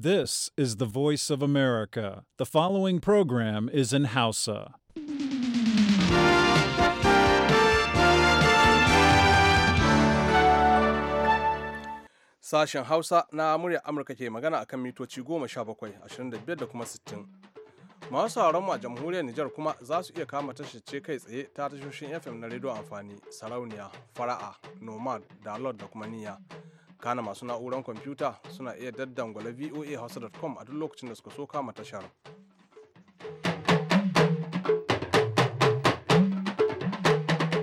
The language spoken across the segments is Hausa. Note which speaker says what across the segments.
Speaker 1: This is the voice of America. The following program is in Hausa.
Speaker 2: Sashen Hausa na murya Amurka ke magana akan mitoci 17, 25 da kuma 60. Masu sauraron a jamhuriyar Nijar kuma za su iya kama tashar kai tsaye ta tashoshin FM na rediyo amfani, sarauniya, fara'a, nomad, dalot da kuma niyya. kana masu na'uran kwamfuta suna iya daddangwala voa hausa.com a duk lokacin da suka so kama tashar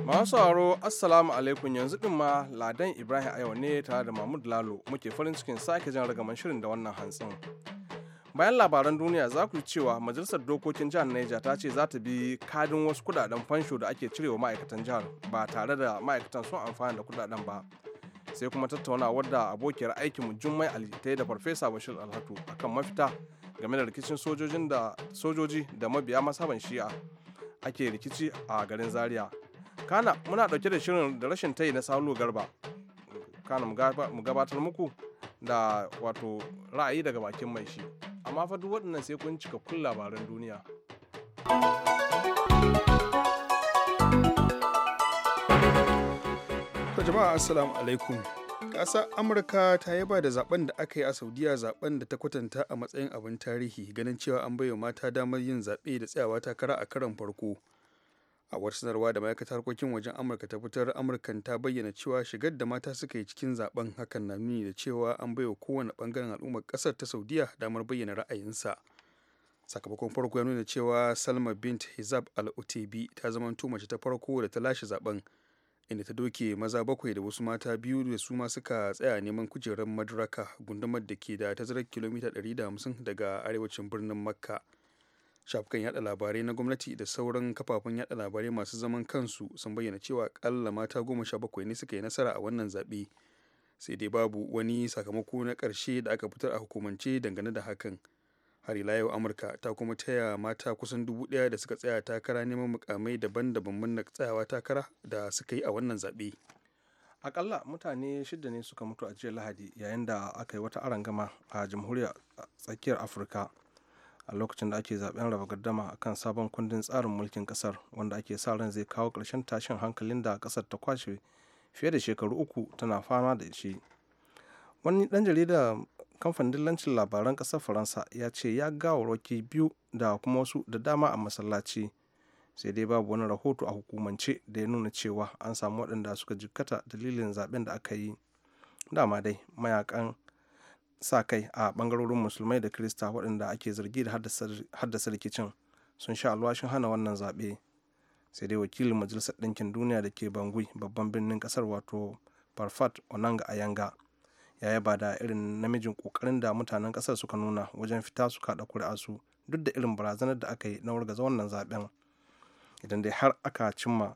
Speaker 2: masu assalamu alaikum yanzu din ma ladan ibrahim yau ne tare da mahmud lalo muke farin cikin sake jan ragaman shirin da wannan hantsin bayan labaran duniya za ku cewa majalisar dokokin jihar Niger ta ce za ta bi kadin wasu kudaden fansho da ake cirewa ma'aikatan jihar ba tare da ma'aikatan sun amfana da kudaden ba sai kuma tattaunawar da abokiyar aikinmu jummai ali ta da farfesa bashir alhatu akan mafita game da rikicin sojojin da sojoji da mabiya masaban shi'a ake rikici a garin zaria kana muna dauke da shirin da rashin tayi na salo garba kana mu gabatar muku da wato ra'ayi daga bakin mai shi amma fa duk waɗannan sai kun cika kun labaran duniya thank you
Speaker 3: jama'a assalamu alaikum ƙasa amurka ta yi ba da zaben da aka yi a saudiya zaben da ta kwatanta a matsayin abin tarihi ganin cewa an bai wa mata damar yin zaɓe da tsayawa takara a karon farko a wata sanarwa da ma'aikatar harkokin wajen amurka ta fitar amurkan ta bayyana cewa shigar da mata suka yi cikin zaben hakan na nuni da cewa an bai wa kowane bangaren al'ummar kasar ta saudiya damar bayyana ra'ayinsa sakamakon farko ya nuna cewa salma bint hizab al-utebi ta zama mace ta farko da ta lashe zaben inda ta doke maza bakwai da wasu mata biyu da su ma suka tsaya neman kujerar madraka gundumar da ke da tazarar kilomita 150 daga arewacin birnin makka shafukan yada labarai na gwamnati da sauran kafafen yada labarai masu zaman kansu sun bayyana cewa kalla mata goma sha bakwai ne suka yi nasara a wannan zaɓe sai dai babu wani sakamako na ƙarshe da aka fitar a hukumance dangane da hakan har ila yau amurka ta kuma taya mata kusan dubu daya da suka tsaya takara neman mukamai daban-daban na tsayawa takara da suka yi a wannan zaɓe
Speaker 2: akalla mutane shida ne suka mutu a jiya lahadi yayin da aka yi wata arangama a jamhuriyar tsakiyar afirka a lokacin da ake zaben raba gardama a kan sabon kundin tsarin mulkin kasar wanda ake sa ran zai kawo ƙarshen tashin hankalin da kasar ta kwashe fiye da shekaru uku tana fama da shi wani dan jarida kamfanin dillancin labaran ƙasar faransa ya ce ya ga gawarwaki biyu da kuma wasu da dama a masallaci sai dai babu wani rahoto a hukumance da ya nuna cewa an samu waɗanda suka jikkata dalilin zaben da aka yi dama dai mayakan sa kai a bangarorin musulmai da krista waɗanda ake zargi da haddasa rikicin sun sha alwashin hana wannan zaɓe sai dai wakilin majalisar ɗinkin duniya da ke bangui babban birnin ƙasar wato farfat onanga ayanga ya yaba da irin namijin kokarin da mutanen kasar suka nuna wajen fita su kada kuri'arsu duk da irin barazanar da aka yi na wargaza wannan zaben idan dai har aka cimma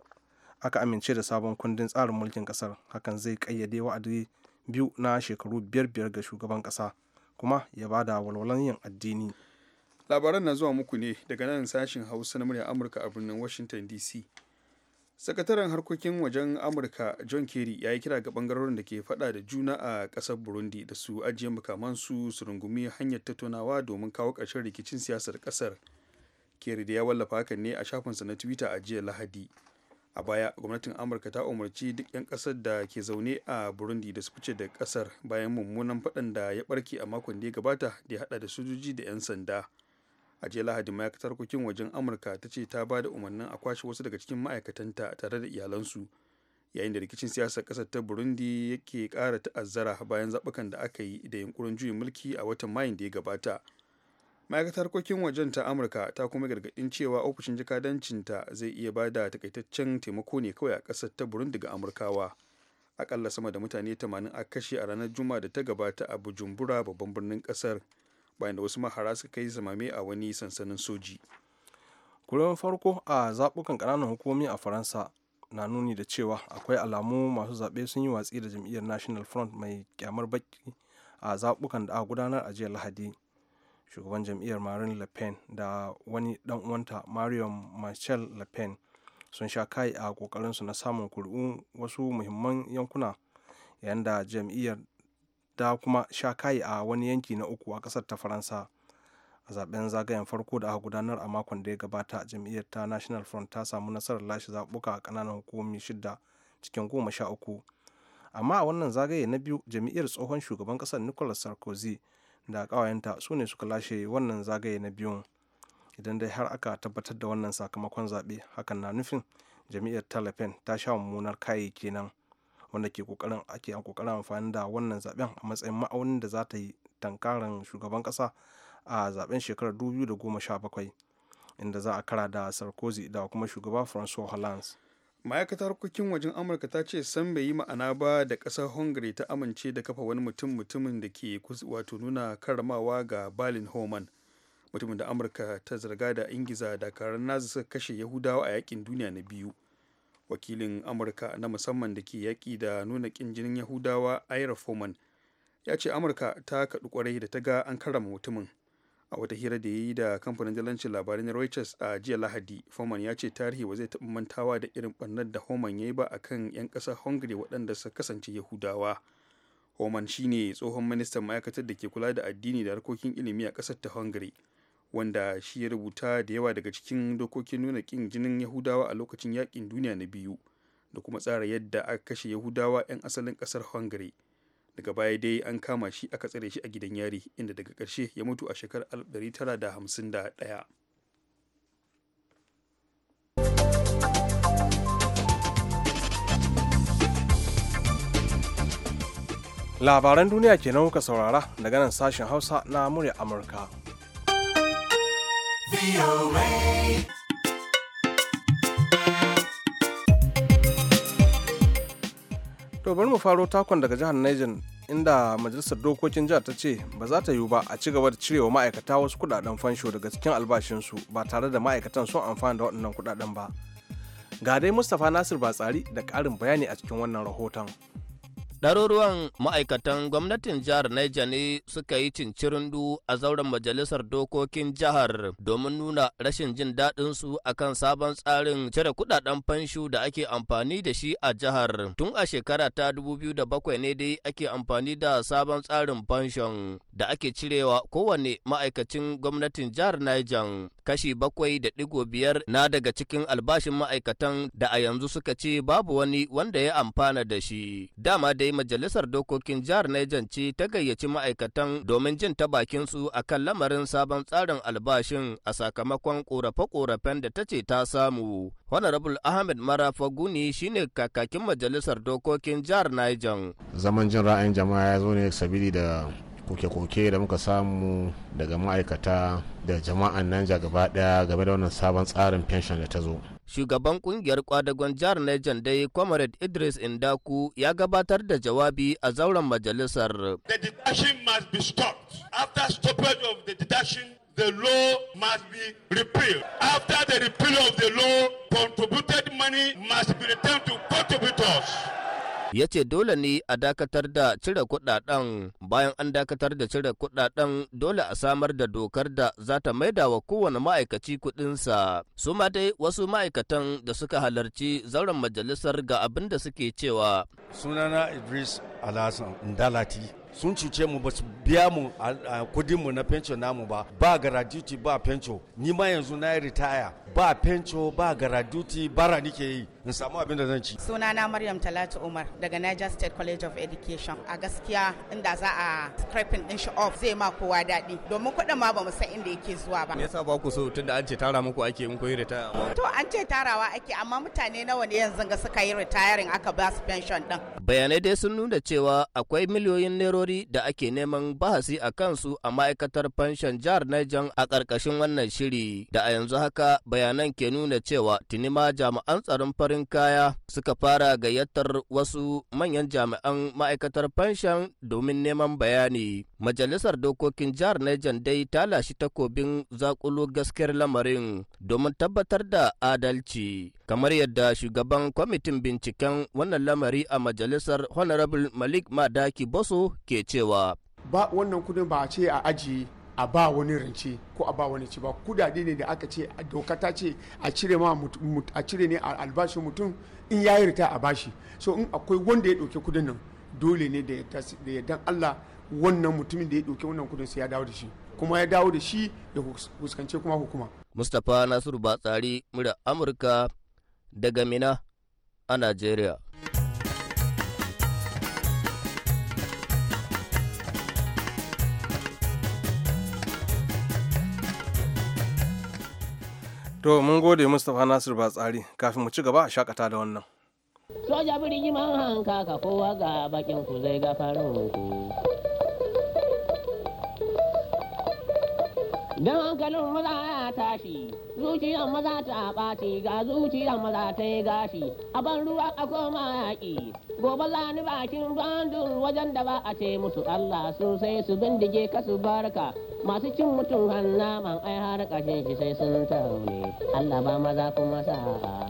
Speaker 2: aka amince da sabon kundin tsarin mulkin kasar hakan zai kayyade wa'adi biyu na shekaru biyar biyar ga shugaban kasa kuma ya ba da walwalan yin addini
Speaker 3: labaran na zuwa muku ne daga nan sashin hausa na murya amurka a birnin washington dc sakataren harkokin wajen amurka john kerry ya yi kira ga bangarorin da ke fada da juna a kasar burundi da su ajiye makamansu su rungumi hanyar tattaunawa domin kawo karshen rikicin siyasar kasar kerry da ya wallafa hakan ne a shafinsa na twitter a jiya lahadi a baya gwamnatin amurka ta umarci duk 'yan kasar da ke zaune a burundi da su fice da kasar bayan mummunan faɗan da ya barke a makon da ya gabata da ya hada da sojoji da 'yan sanda a jiya lahadi ma'aikatar kokin wajen amurka ta ce ta ba da umarnin a kwashe wasu daga cikin ma'aikatanta tare da iyalansu yayin da rikicin siyasar kasar ta burundi yake kara ta'azzara bayan zaɓukan da aka yi da yunkurin juyin mulki a watan mayin da ya gabata ma'aikatar harkokin wajen ta amurka ta kuma gargaɗin cewa ofishin ta zai iya ba da takaitaccen taimako ne kawai a ƙasar ta burundi ga amurkawa akalla sama da mutane 80 a kashe a ranar juma'a da ta gabata a bujumbura babban birnin ƙasar bayan da wasu mahara suka kai zamame a wani sansanin soji
Speaker 2: kuren farko a zaɓukan ƙananan hukumomi a faransa na nuni da cewa akwai alamu masu zaɓe sun yi watsi da jam'iyyar national front mai kyamar baki a zaɓukan da aka gudanar a jiya lahadi shugaban jam'iyyar marin le pen da wani dan uwanta marion michel le pen sun sha kai a kokarinsu na samun kuri'un wasu muhimman yankuna yayin da jam'iyyar da kuma sha kayi a wani yanki na uku a kasar ta faransa a zaben zagayen farko da aka gudanar a makon da ya gabata jam'iyyar ta national front ta samu nasarar lashe zaɓuka a ƙananan hukumomi shida cikin goma sha uku amma a wannan zagaye na biyu jam'iyyar tsohon shugaban ƙasar nicolas sarkozy da ƙawayenta su ne suka lashe wannan zagaye na biyun idan dai har aka tabbatar da wannan sakamakon zaɓe hakan na nufin jam'iyyar talapen ta sha mummunar kayi kenan wanda ke kokarin ake kokarin amfani da wannan zaben a matsayin ma'aunin da za ta yi tankaran shugaban kasa a zaben shekarar 2017 inda za a kara da sarkozy da kuma shugaba francois hollande ma'aikatar harkokin wajen amurka ta ce san bai yi
Speaker 3: ma'ana ba da kasar hungary ta amince da kafa wani mutum mutumin da ke wato nuna karamawa ga balin homan mutumin da amurka ta zarga da ingiza da karar nazi suka kashe yahudawa a yakin duniya na biyu wakilin amurka na musamman da ke yaƙi da nuna ƙin jinin yahudawa ira foman ya ce amurka ta kaɗu ƙwarai da ta ga an karrama mutumin a wata hira da ya yi da kamfanin jalancin labarai na reuters a jiya lahadi foman ya ce tarihi ba zai taɓa mantawa da irin ɓarnar da homan ya yi ba akan 'yan ƙasar hungary waɗanda su kasance yahudawa homan shine tsohon ministan ma'aikatar da ke kula da addini da harkokin ilimi a ƙasar ta hungary wanda shi ya rubuta da yawa daga cikin dokokin nuna kin jinin yahudawa a lokacin yakin duniya na biyu da kuma tsara yadda aka kashe yahudawa 'yan asalin kasar hungary daga baya dai an kama shi aka tsare shi a gidan yari inda daga ƙarshe ya mutu a shekarar 1951
Speaker 2: labaran duniya kenan kuka saurara daga nan sashen hausa na murya amurka To bari mu faro takon daga jihar Niger inda majalisar dokokin jihar ta ce ba za ta yiwu ba a ci gaba da cirewa ma'aikata wasu kudaden fansho daga cikin albashinsu ba tare da ma'aikatan sun amfana da
Speaker 4: waɗannan kudaden ba. Ga dai Mustapha Nasir Batsari da ƙarin bayani a cikin wannan rahoton. Ɗaruruwan ma'aikatan gwamnatin jihar Niger ne suka yi cincirindu a zauren majalisar dokokin jihar domin nuna rashin jin daɗin su akan sabon tsarin cire kuɗaɗen fanshu da ake amfani da shi a jihar. Tun a shekara ta 2007 ne dai ake amfani da sabon tsarin fanshon da ake cirewa kowane ma'aikacin gwamnatin jihar Niger. kashi bakwai da ɗigo biyar na daga cikin albashin ma'aikatan da a yanzu suka ce babu wani wanda ya amfana da shi. Dama dai majalisar dokokin jihar Niger ce ta gayyaci ma'aikatan domin jin ta bakinsu a kan lamarin sabon tsarin albashin a sakamakon ƙorafe-ƙorafen da ta ce ta samu. Honorable Ahmed Marafaguni shine kakakin majalisar dokokin jihar Niger.
Speaker 5: Zaman jin ra'ayin jama'a ya zo ne sabili da koke-koke da muka samu daga ma'aikata da jama'an nan gaba daya game da wannan sabon tsarin pension da ta zo
Speaker 4: shugaban kungiyar kwadagon jihar Niger dai comrade idris indaku ya gabatar da jawabi a zauren majalisar the deduction must be stopped after
Speaker 6: stoppage of the deduction the law must be repealed after the repeal of the law contributed money must be returned to contributors
Speaker 4: ya ce dole ne a dakatar da cire kudaden bayan an dakatar da cire kudaden dole a samar da dokar da za ta maida wa kowane ma'aikaci kudinsa su ma dai wasu ma'aikatan da suka halarci zauren majalisar ga abin da suke cewa
Speaker 1: sunana idris alhassan ndalati sun cuce mu ba su biya mu kudin mu na fenco namu ba ba duty ba fenco ni ma yanzu na yi ritaya ba fenco ba garaduti bara nike yi in samu abin da zan ci
Speaker 7: Suna na maryam talatu umar daga niger state college of education a gaskiya inda za a scraping din shi off zai ma kowa daɗi domin kuɗin ma ba san inda yake zuwa ba me yasa
Speaker 4: ba ku so tun da an ce tara muku ake in koyi ritaya
Speaker 7: to an ce tarawa ake amma mutane nawa ne yanzu ga suka yi retiring aka ba su pension din
Speaker 4: bayanai dai sun nuna cewa akwai miliyoyin nerori da ake neman bahasi a kansu a ma'aikatar pension jihar Niger a ƙarƙashin wannan shiri da a yanzu haka bayanan ke nuna cewa tuni ma jami'an tsaron farin kaya suka fara gayyatar wasu manyan jami'an ma'aikatar fanshan domin neman bayani. Majalisar dokokin jihar Niger dai ta lashi takobin zakulo gaskiyar lamarin domin tabbatar da adalci. Kamar yadda shugaban kwamitin binciken wannan lamari a majalisar Honorable Malik Madaki Boso ke cewa. Ba wannan kudin ba a ce a
Speaker 8: ajiye a ba wani rance ko a ba wani ci ba kudade ne da aka ce doka ta ce a cire ma a cire ne a albashin mutum in ya rita a bashi so in akwai wanda ya doke kudin nan dole ne da ya dan Allah wannan mutumin da ya doke wannan kudin sai ya dawo da shi kuma ya dawo da shi ya fuskanci kuma hukuma
Speaker 4: Mustapha Nasiru Batsari mura Amurka daga Mina a Najeriya
Speaker 2: To mun gode Mustapha Nasir tsari, kafin mu ci gaba a shakata da wannan.
Speaker 7: Soja birgin man hanka ka kowa ga bakin ku zai ga farin ku. Da hankalin maza ya tashi, zuciyar maza ta ɓaci ga zuciyar maza ta yi gashi, a ban ruwa a koma yaƙi. Gobe za ni bakin bandun wajen da ba a ce musu Allah sosai su bindige ka su barka. masu cin mutum hanna man ai har ƙashin shi sai sun taune Allah ba maza kuma sa'a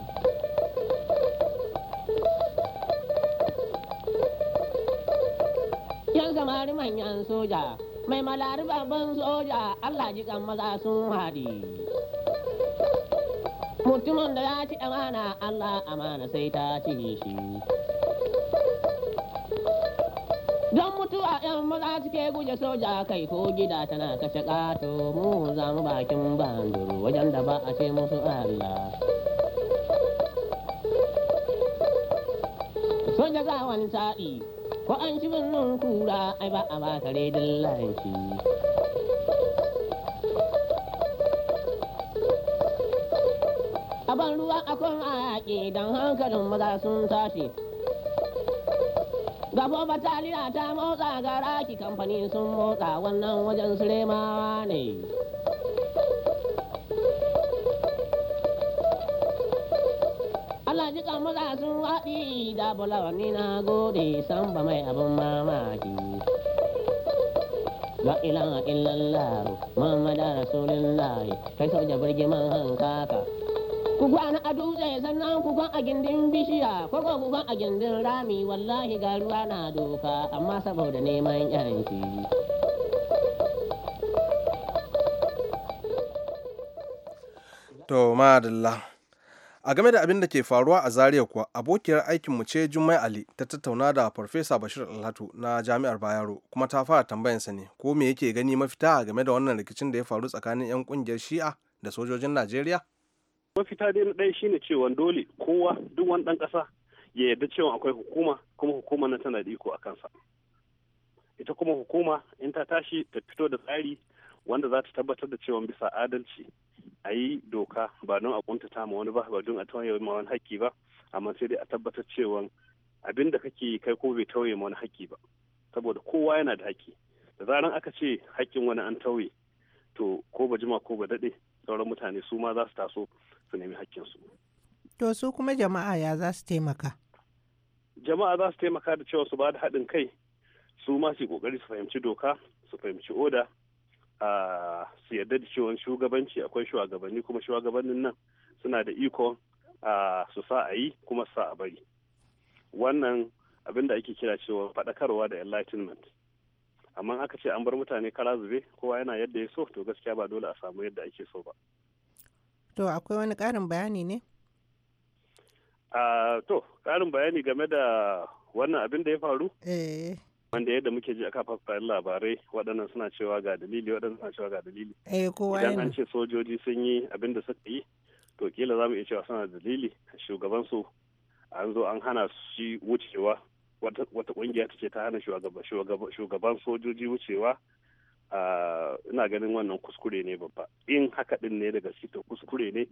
Speaker 7: yan samari manyan soja mai malari babban soja Allah jikan maza sun haɗi mutumin da ya ci amana Allah amana sai ta ci shi a yan maza suke guje soja kai ko gida tana kashe kato mu za mu bakin banduru wajen da ba a ce musu Allah. Soja za wani sa'i ko an ci birnin kura ai ba a ba kare dillanci. A ban ruwa akwai a yaƙi don hankalin maza sun tashi Gabo bataliya ta motsa ga raki kamfani sun motsa wannan wajen suremawa ne. Allah ji maza sun haɗi, da bulawa ni na gode san ba mai abin mamaki. La ilaha illallah Muhammadu Rasulullahi kai soja birgiman hankaka ku gwana a dutse sannan ku a gindin bishiya ko ku a gindin rami wallahi ga ruwa na doka amma saboda neman yanki
Speaker 2: to a game da abin da ke faruwa a zaria kuwa abokiyar aikinmu ce jummai ali ta tattauna da farfesa bashir alhatu na jami'ar bayero kuma ta fara tambayansa ne ko me yake gani mafita game da wannan rikicin da ya faru tsakanin 'yan kungiyar shi'a da sojojin najeriya mafita
Speaker 6: dai na ɗaya shine cewa dole kowa duk wani ɗan ƙasa ya yarda cewa akwai hukuma kuma hukuma na tana da iko a kansa ita kuma hukuma in ta tashi ta fito da tsari wanda za ta tabbatar da cewa bisa adalci a yi doka ba don a kuntata ma wani ba ba don a tauye ma wani haƙƙi ba amma sai dai a tabbatar cewa abin da kake kai ko bai tauye ma wani haƙƙi ba saboda kowa yana da haƙƙi da zaran aka ce haƙƙin wani an tauye to ko ba jima ko ba daɗe sauran mutane su ma za su taso su nemi hakkinsu.
Speaker 7: To su kuma jama'a ya za su taimaka?
Speaker 6: Jama'a za su taimaka da cewa su ba da haɗin kai su ma su kokari su fahimci doka su fahimci oda su yarda da cewa shugabanci akwai shugabanni kuma shugabannin nan suna da ikon su sa a yi kuma sa a bari wannan abin da ake kira cewa faɗakarwa da enlightenment amma aka ce an bar mutane kala zube kowa yana yadda ya so to gaskiya ba dole a samu yadda ake so ba
Speaker 7: To akwai wani ƙarin bayani ne?
Speaker 6: Uh, to, ƙarin bayani game da wannan abin da ya faru? Eh. Wanda yadda muke ji a kafafen labarai waɗannan suna cewa ga dalili waɗannan suna cewa ga dalili.
Speaker 7: Eh, Idan an ce
Speaker 6: sojoji sun yi abin da suka yi, to kila za mu iya cewa suna dalili shugabansu an zo an hana shi wucewa wata ƙungiya ta ce ta hana shugaban sojoji wucewa Ah, ina ganin wannan kuskure ne babba in haka din ne daga to kuskure ne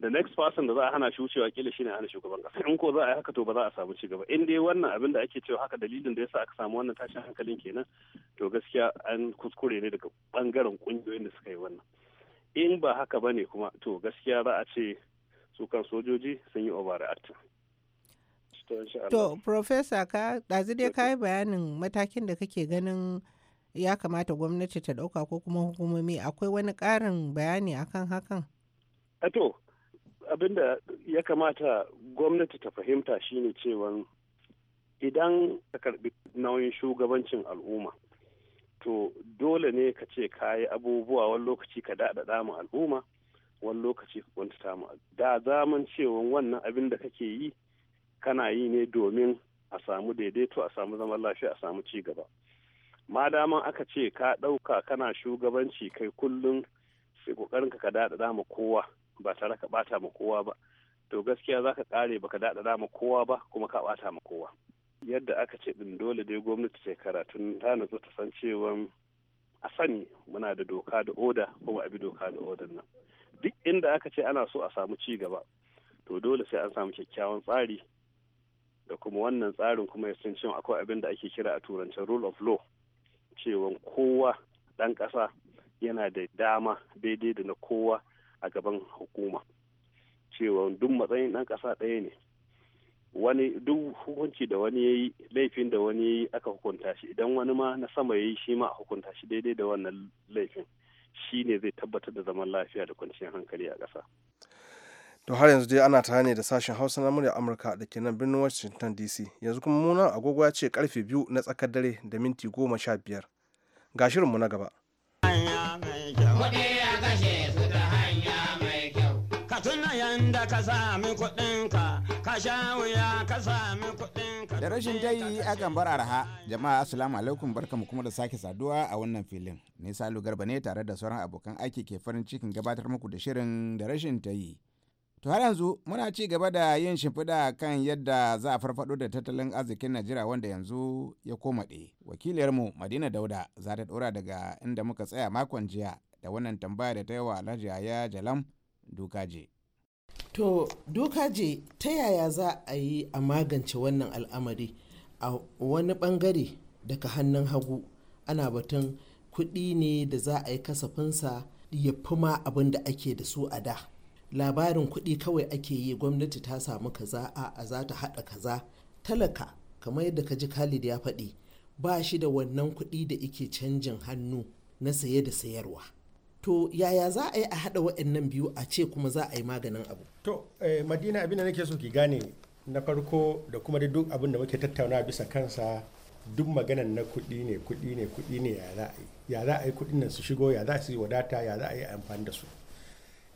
Speaker 6: the next person da za a hana shi wucewa kila shine hana shugaban kasa in ko za a yi haka to ba za a samu cigaba in dai wannan abin da ake cewa haka dalilin da yasa aka samu wannan tashin hankalin kenan to gaskiya an kuskure ne daga bangaren kungiyoyin da suka yi wannan in ba haka ba ne kuma to gaskiya za a ce su kan sojoji sun yi overreacting to
Speaker 7: professor ka ɗazu dai ka bayanin matakin da kake ganin ya kamata gwamnati ta dauka ko kuma hukumomi akwai wani karin bayani akan hakan?
Speaker 6: Ato, eh abinda ya kamata gwamnati ta fahimta shine cewa idan ka karbi nauyin shugabancin al'umma to dole ne ka ce ka yi abubuwa wani lokaci ka daɗaɗa mu al'umma wani lokaci ka kwantata mu da zaman cewa wannan abin da kake yi kana yi ne domin a samu daidaito a samu zaman lafiya a samu ci gaba ma dama aka ce ka ɗauka kana shugabanci kai kullum sai ƙoƙarin ka daɗaɗa ma kowa ba tare ka ɓata ma kowa ba to gaskiya za ka ƙare ba ka daɗaɗa ma kowa ba kuma ka ɓata ma kowa yadda aka ce ɗin dole dai gwamnati ce karatun ta nutsu ta san cewa a sani muna da doka da oda kuma a bi doka da odan nan duk inda aka ce ana so a samu ci gaba to dole sai an samu kyakkyawan tsari da kuma wannan tsarin kuma ya san cewa akwai abin da ake kira a turancin rule of law cewa kowa ɗan kasa yana da dama daidai da na kowa a gaban hukuma cewa duk matsayin ɗan kasa ɗaya ne wani duk hukunci da wani ya yi laifin da wani ya yi aka hukunta shi idan wani ma na sama ya yi shi ma a hukunta shi daidai da wannan laifin shi ne zai tabbatar da zaman lafiya da kwanciyar hankali a ƙasa.
Speaker 2: to har yanzu dai ana tare ne da sashen hausa na murya amurka da ke nan birnin washington dc yanzu kuma muna agogo ya ce karfe biyu na tsakar dare da minti goma sha biyar ga shirinmu na gaba
Speaker 7: da ka sami da rashin
Speaker 9: jayi akan bar arha jama'a assalamu alaikum barkamu kuma da sake saduwa a wannan filin nisa lugar ne tare da sauran abokan aiki ke farin cikin gabatar muku da shirin da rashin ta yi To har yanzu muna ci gaba da yin shimfiɗa kan yadda za a farfaɗo da tattalin arzikin Najeriya wanda yanzu ya koma ɗe. Wakiliyarmu Madina Dauda za ta ɗora daga inda muka tsaya makon jiya da wannan tambaya da ta yi wa Alhaji Yaya Jalam Dukaje.
Speaker 10: To Dukaje ta yaya za a yi a magance wannan al'amari a wani ɓangare daga hannun hagu ana batun kuɗi ne da za a yi kasafinsa ya fi ma abin da ake da su a da. labarin kuɗi kawai ake yi gwamnati ta samu kaza a a za ta haɗa kaza talaka kamar yadda ka ji khalid ya faɗi ba shi da wannan kuɗi da ike canjin hannu na saye da sayarwa to yaya za a yi a haɗa waɗannan biyu a ce kuma za a yi maganin abu to eh, madina abin da nake so ki gane na farko da kuma da duk abin da muke tattauna
Speaker 8: bisa kansa duk maganan na kuɗi ne kuɗi ne kuɗi ne ya za a yi ya za a yi kuɗin nan su shigo ya za su yi wadata ya za a yi amfani da su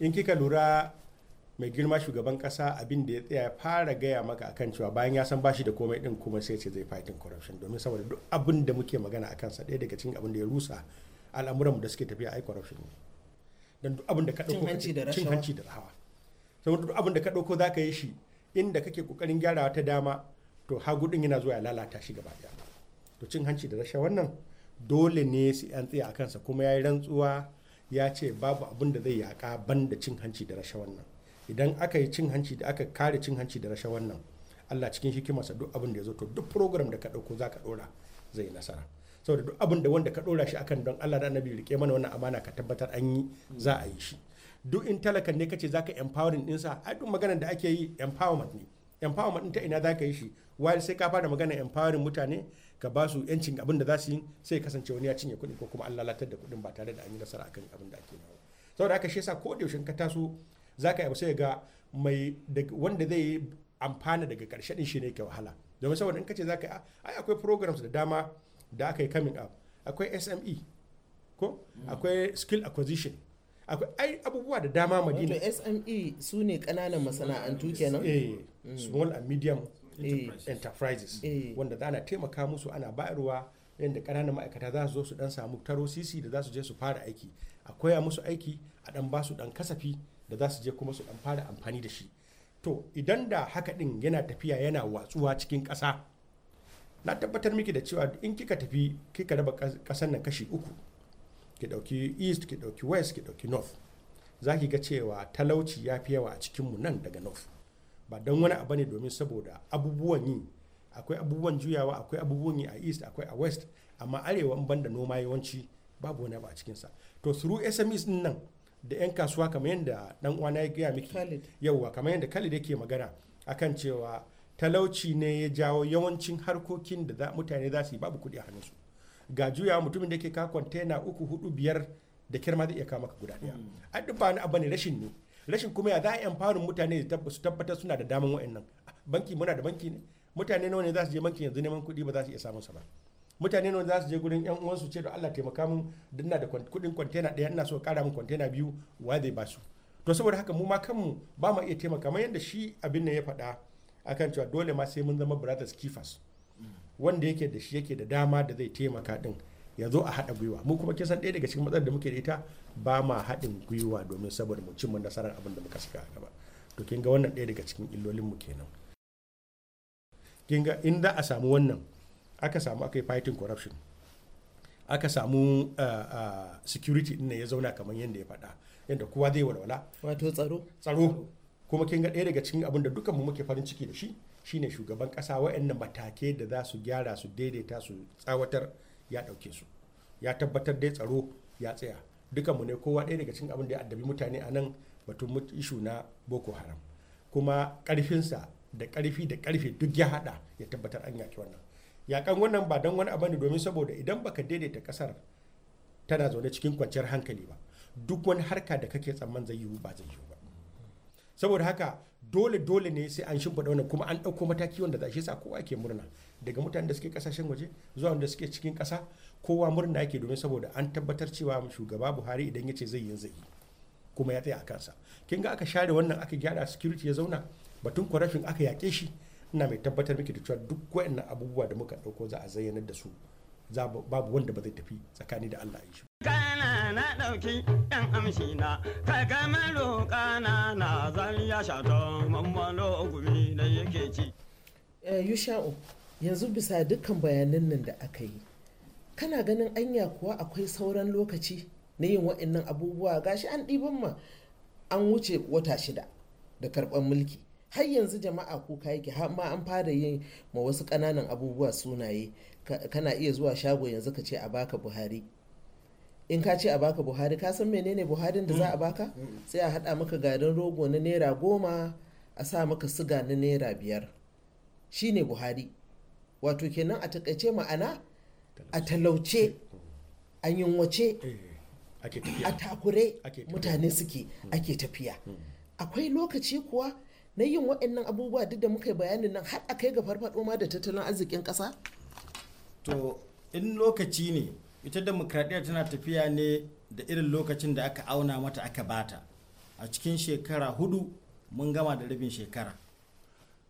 Speaker 8: in kika lura mai girma shugaban kasa abin da ya tsaya fara gaya maka akan cewa bayan ya san bashi da komai din kuma sai ce zai fighting corruption domin saboda duk abin da muke magana akan sa ɗaya daga cikin abin da ya rusa al'amuranmu da suke tafiya ai corruption ne dan duk abin da ka dauko cin hanci da rahawa saboda duk abin da ka dauko zaka yi shi inda kake kokarin gyarawa ta dama to hagu din yana zuwa ya lalata shi gaba daya to cin hanci da rashawa wannan dole ne su yan tsaya akan sa kuma yayi rantsuwa ya ce babu abin da zai yaƙa ban da cin hanci da rashawan wannan idan aka yi cin hanci da aka kare cin hanci da rashawan wannan Allah cikin hikimarsa duk abin da ya zo to duk program da ka ɗauko za ka ɗora zai nasara saboda duk abin da wanda ka ɗora shi akan don Allah da annabi rike mana wannan amana ka tabbatar an yi za a yi shi duk in talakan ne kace zaka empowering ɗinsa ai duk maganar da ake yi empowerment ne empowerment ta ina zaka yi shi while sai ka fara magana empowering mutane ka ba su yancin abin da za su yi sai kasance wani ya cinye kuɗin ko kuma an lalatar da kuɗin ba tare da an yi nasara akan abin da ake nawa saboda haka shi yasa ko da yaushe ka taso za ka yi sai ga mai wanda zai yi amfana daga karshe din shi ne ke wahala domin saboda in ka ce za ka yi ai akwai programs da dama da aka yi coming up akwai sme ko mm. akwai skill acquisition akwai ai abubuwa da dama madina wato
Speaker 10: sme su ne
Speaker 8: kananan masana'antu kenan eh mm. small and medium enterprises eh, eh. wanda ana taimaka musu ana bayarwa yadda ƙananan ma'aikata za su zo su dan samu taro sisi da za su je su fara aiki a koya musu aiki a dan ba su dan kasafi da za su je kuma su dan fara amfani da shi to idan da haka din yana tafiya yana watsuwa cikin ƙasa na tabbatar miki da cewa in kika tafi kika raba ƙasar nan kashi uku ki dauki east ki dauki west ki dauki north za ki ga cewa talauci ya fi yawa a cikinmu nan daga north ba don wani abu ne domin saboda abubuwan yi akwai abubuwan juyawa akwai abubuwan yi a east akwai a west amma arewa ban da noma yawanci babu wani abu a cikinsa to through SMS din nan da 'yan kasuwa kamar yadda dan uwana ya gaya miki yauwa kamar yadda khalid yake magana akan cewa talauci ne ya jawo yawancin harkokin da mutane za su yi babu kuɗi a su. ga juyawa mutumin da ke ka kwantena uku hudu biyar da kirma zai iya kawo maka guda ɗaya mm. a duk ba ni abu ne rashin ne rashin kuma ya za a farin mutane su tabbatar suna da daman nan ah, banki muna da banki ne mutane nawa ne za su je banki yanzu neman kuɗi ba za su iya samun sa ba mutane nawa za su je gurin yan uwansu ce da Allah taimaka min dinna da kuɗin kwantena ɗaya ina so ƙara min kwantena biyu wa zai ba su to saboda haka mu ma kanmu ba mu iya taimaka kamar yadda shi abin nan ya faɗa akan cewa dole ma sai mun zama brothers keepers wanda yake da shi yake da dama da zai taimaka din ya zo a haɗa gwiwa mu kuma kisan ɗaya daga cikin matsalar da muke da ita ba ma haɗin gwiwa domin saboda mu cimma nasarar abin da muka saka a gaba to kin ga wannan ɗaya daga cikin illolin mu kenan kin ga in za a samu wannan aka samu aka yi fighting corruption aka samu security din ya zauna kamar yadda ya faɗa yadda kowa zai walwala wato tsaro tsaro kuma kin ga ɗaya daga cikin abin da mu muke farin ciki da shi shine shugaban ƙasa waɗannan matakai da za su gyara su daidaita su tsawatar ya ɗauke su ya tabbatar dai tsaro ya tsaya dukanmu ne kowa ɗaya daga cikin abin da ya addabi mutane a nan batun ishu na boko haram kuma ƙarfinsa da ƙarfi da ƙarfe duk ya haɗa ya tabbatar an yaƙi wannan yaƙan wannan ba don wani abu ne domin saboda idan baka daidaita ƙasar tana zaune cikin kwanciyar hankali ba duk wani harka da kake tsamman zai yiwu ba zai yiwu ba saboda haka dole dole ne sai an shimfiɗa wannan kuma an ɗauko mataki wanda za shi sa kowa ke murna daga mutanen da suke kasashen waje zuwa wanda suke cikin kasa kowa murna yake domin saboda an tabbatar cewa shugaba buhari idan ya ce zai yi zai kuma ya tsaya a kansa kin ga aka share wannan aka gyara security ya zauna batun corruption aka yaƙe shi ina mai tabbatar miki da cewa duk wayanna abubuwa da muka ɗauko za a zayyana da su babu wanda ba zai tafi tsakani da Allah shi.
Speaker 7: Kana na ɗauki ɗan amshi na, ka gama roƙa na zan ya
Speaker 4: shato, mamman
Speaker 1: gumi na yake ci.
Speaker 10: Eh, Yusha'u, yanzu bisa dukkan bayanan nan da aka yi kana ganin anya kuwa akwai sauran lokaci na yin wa'annan abubuwa gashi an ɗiban ma an wuce wata shida da karɓar mulki har yanzu jama'a kuka yake har ma an fara yin ma wasu ƙananan abubuwa sunaye kana iya zuwa shago yanzu ka ce a baka buhari in ka ce a baka buhari ka san menene buharin da za a baka mm. mm. sai a haɗa maka garin rogo na naira goma a sa maka siga na naira biyar shine buhari wato kenan a takaice ma'ana a talauce a yunwace eh, a takure mutane suke ake tafiya akwai lokaci kuwa na yin waɗannan abubuwa duk da muka yi bayanin nan har akai ga farfaɗo ma da tattalin arzikin ƙasa
Speaker 1: to in lokaci ne ita demokradiyya tana tafiya ne da irin lokacin da aka auna mata aka bata a cikin shekara hudu mun gama da rabin shekara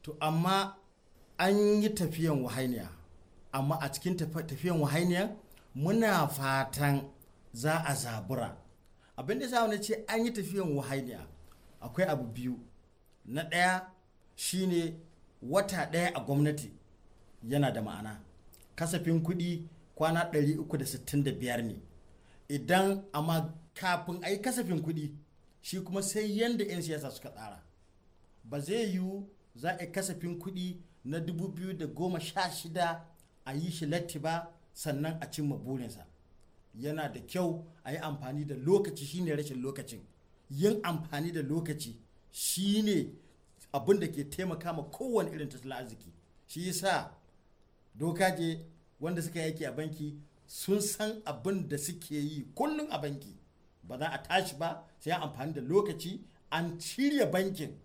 Speaker 1: to amma an yi tafiyan wahainiya amma a cikin tafiyan wahainiya muna fatan za a zabura abin da wani ce an yi tafiyan wahainiya akwai abu biyu na ɗaya shine wata ɗaya a gwamnati yana da ma'ana kasafin kuɗi kwana 365 ne idan amma kafin a yi kasafin kuɗi shi kuma sai yadda 'yan siyasa suka tsara ba zai yiwu za a yi kasafin kuɗi na 2016 a yi shi latti ba sannan a cimma burinsa yana da kyau a yi amfani da lokaci shine rashin lokacin yin amfani da lokaci shine abin da ke taimaka ma kowane irin tattalin arziki shi yasa je wanda suka yi a banki sun san abin da suke yi kullum a banki ba za a tashi ba sai amfani da lokaci an cire bankin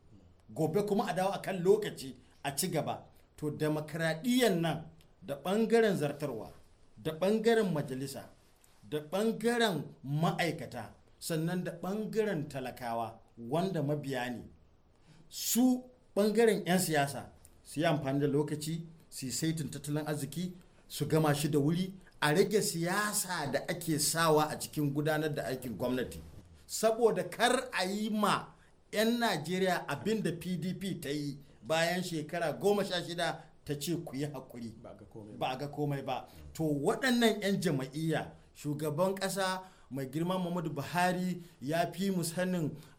Speaker 1: gobe kuma a dawo a kan lokaci a ci gaba to demokradiyyar nan da ɓangaren zartarwa da ɓangaren majalisa da ɓangaren ma'aikata sannan da ɓangaren talakawa wanda mabiya ne su bangaren 'yan siyasa su yi amfani da lokaci su yi saitin tattalin arziki su gama shi da wuri a rage siyasa da ake sawa a cikin gudanar da aikin gwamnati saboda kar a yi ma 'yan najeriya abinda pdp ta yi bayan shekara goma sha shida ta ce ku yi hakuri ba ga komai ba to waɗannan 'yan jama'iyya shugaban ƙasa mai girma muhammadu buhari ya fi mu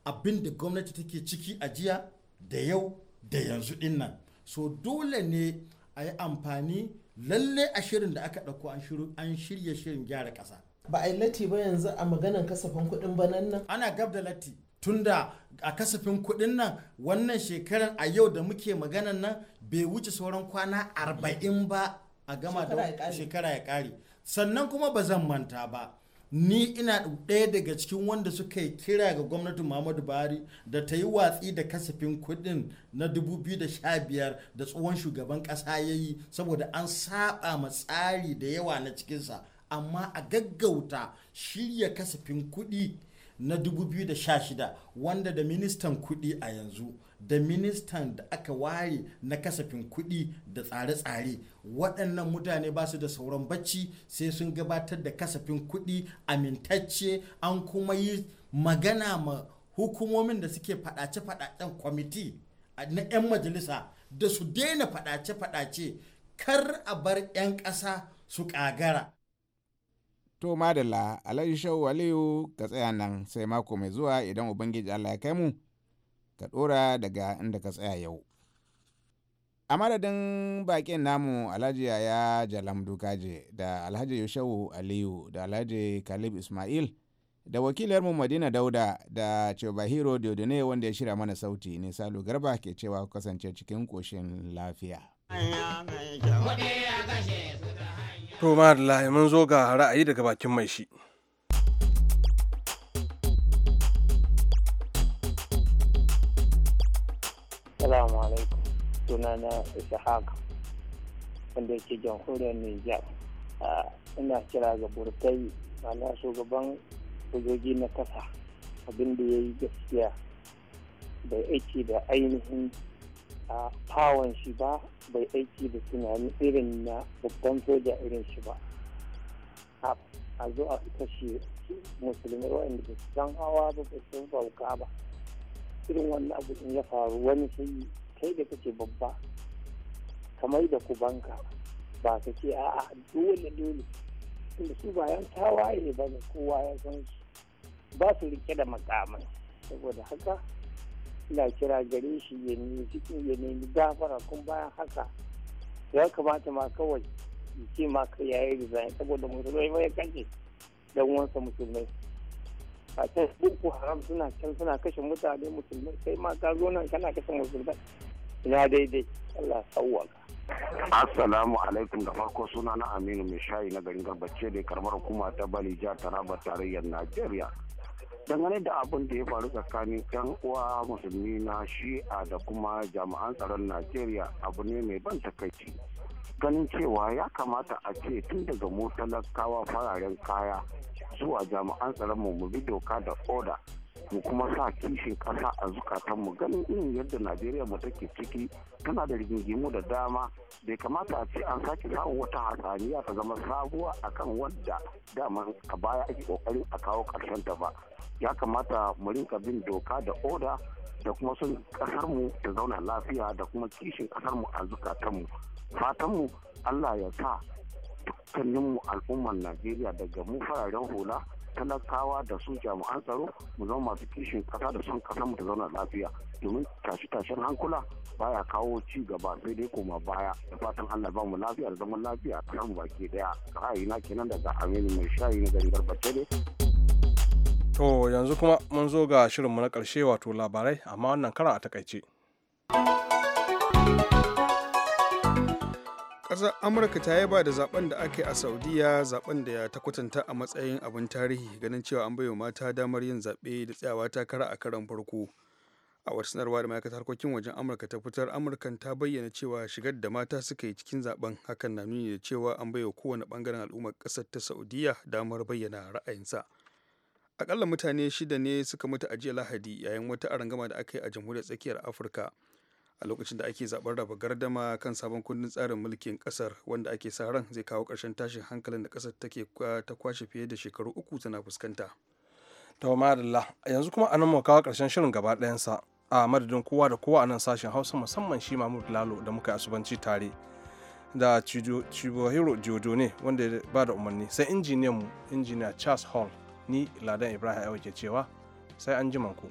Speaker 1: abin da gwamnati take ciki a jiya da yau da yanzu dinnan so dole ne a yi amfani lalle a shirin da aka ɗauko an shirya shirin gyara ƙasa ba a yi latti ba yanzu a maganan kasafin kuɗin banan nan ana gab da latti tunda a kasafin kuɗin nan wannan shekarar a yau da muke maganan nan bai wuce sauran kwana arba'in ba a gama da shekara ya kare sannan kuma ba zan manta ba ni ina ɗaya daga cikin wanda suka yi kira ga gwamnatin muhammadu buhari da ta yi watsi da kasafin kuɗin na 2015 da tsohon shugaban ƙasa ya yi saboda an saba ma tsari da yawa na cikinsa amma a gaggauta shirya kasafin kuɗi na 2016 wanda da ministan kudi a yanzu da ministan da aka ware na kasafin kudi da tsare-tsare waɗannan mutane ba su da sauran bacci sai sun gabatar da kasafin kudi amintacce an kuma yi magana ma hukumomin da suke faɗace-faɗacen kwamiti na 'yan majalisa da su daina faɗace-faɗace kar a bar 'yan ƙasa su ƙagara.
Speaker 9: To madalla Alhaji Shehu Aliyu ka tsaya nan sai mako mai zuwa idan Ubangiji Allah ya kai mu ka ɗora daga inda ka tsaya yau. A madadin bakin namu Alhaji Yaya Jalam Dukaje da Alhaji Yushewu Aliyu da Alhaji Kalib Ismail da wakilarmu Madina Dauda da Chobahiro Diodone wanda ya shirya mana sauti ne Salu Garba ke cewa kasance cikin koshin lafiya.
Speaker 2: To madalla mun zo ga ra'ayi daga bakin mai shi.
Speaker 11: Salamu alaikum sunana Ishaq wanda yake jamhuriyar Nijar. Ina kira ga burtai mana shugaban sojoji na kasa abin da ya yi gaskiya da yake da ainihin a fawon shi ba bai aiki da tunani irin na babban soja irin shi ba a zo a kashe musulmi waɗanda ba san hawa ba ba san bauka ba irin wannan abu in ya faru wani sai kai da kake babba kamar da kubanka ba ka ce a'a dole dole Inda su bayan tawaye ba ne kowa ya san ba su rike da makamai saboda haka ina kira gare shi ya nemi ya gafara kuma bayan haka ya kamata ma kawai ce ma ka yayi resign saboda musulmai mai ya kashe dan musulmai a can boko haram suna can suna kashe mutane musulmai sai ma ka zo nan kana kashe musulmai
Speaker 5: ina daidai Allah ka Assalamu alaikum da farko suna na Aminu Mai Shayi na garin Garbace da karamar hukuma ta Bali jihar Taraba tarayyar Najeriya. dangane da abin da ya faru tsakanin yan uwa musulmi na shi'a da kuma jami'an tsaron najeriya abu ne mai ban takaici ganin cewa ya kamata a ce tun daga mu talakawa fararen kaya zuwa jami'an tsaron mu bi doka da oda mu kuma sa kishin kasa a zukatan mu ganin irin yadda najeriya mu take ciki tana da rigingimu da dama bai kamata a ce an sake samun wata hasaniya ta zama sabuwa akan wadda dama a baya ake kokarin a kawo ƙarshen ta ba ya kamata mu rinka bin doka da oda da kuma son mu ta zauna lafiya da kuma kishin mu a zukatanmu fatanmu allah ya sa dukkaninmu al'ummar najeriya daga mu fararen hula talakawa da su jami'an tsaro mu zama masu kishin kasa da son kasa mu ta zauna lafiya domin tashi tashen hankula baya kawo ci gaba sai dai koma baya da fatan Allah ba mu lafiya da zaman
Speaker 2: lafiya a kan baki daya ra'ayina kenan daga Aminu mai shayi na garin Garbace ne. To yanzu kuma mun zo ga shirin mu na karshe wato labarai amma wannan karan a takaice.
Speaker 3: ƙasar amurka ta yaba da zaben da aka yi a saudiya zaben da ya ta kwatanta a matsayin abin tarihi ganin cewa an baiwa mata damar yin zaɓe da tsayawa takara a karan farko a wata sanarwa da ma'aikatar harkokin wajen amurka ta fitar amurkan ta bayyana cewa shigar da mata suka yi cikin zaben hakan na nuni da cewa an baiwa kowane bangaren al'ummar ƙasar ta saudiya damar bayyana ra'ayinsa akalla mutane shida ne suka mutu a jiya lahadi yayin wata arangama da aka yi a jamhuriyar tsakiyar afirka a lokacin da ake zaɓar raba gardama kan sabon kundin tsarin mulkin ƙasar wanda ake sa ran zai kawo ƙarshen tashin hankalin da ƙasar take ta kwashe fiye da shekaru uku tana fuskanta.
Speaker 2: Tawama yanzu kuma anan mu kawo ƙarshen shirin gaba ɗayansa a madadin kowa da kowa a nan sashen Hausa musamman shi Mahmud Lalo da muka yi asubanci tare da Chibohiro Jojo ne wanda ya ba da umarni sai injiniyan mu injiniya Charles Hall ni Ladan Ibrahim Ayo ke cewa sai an ku.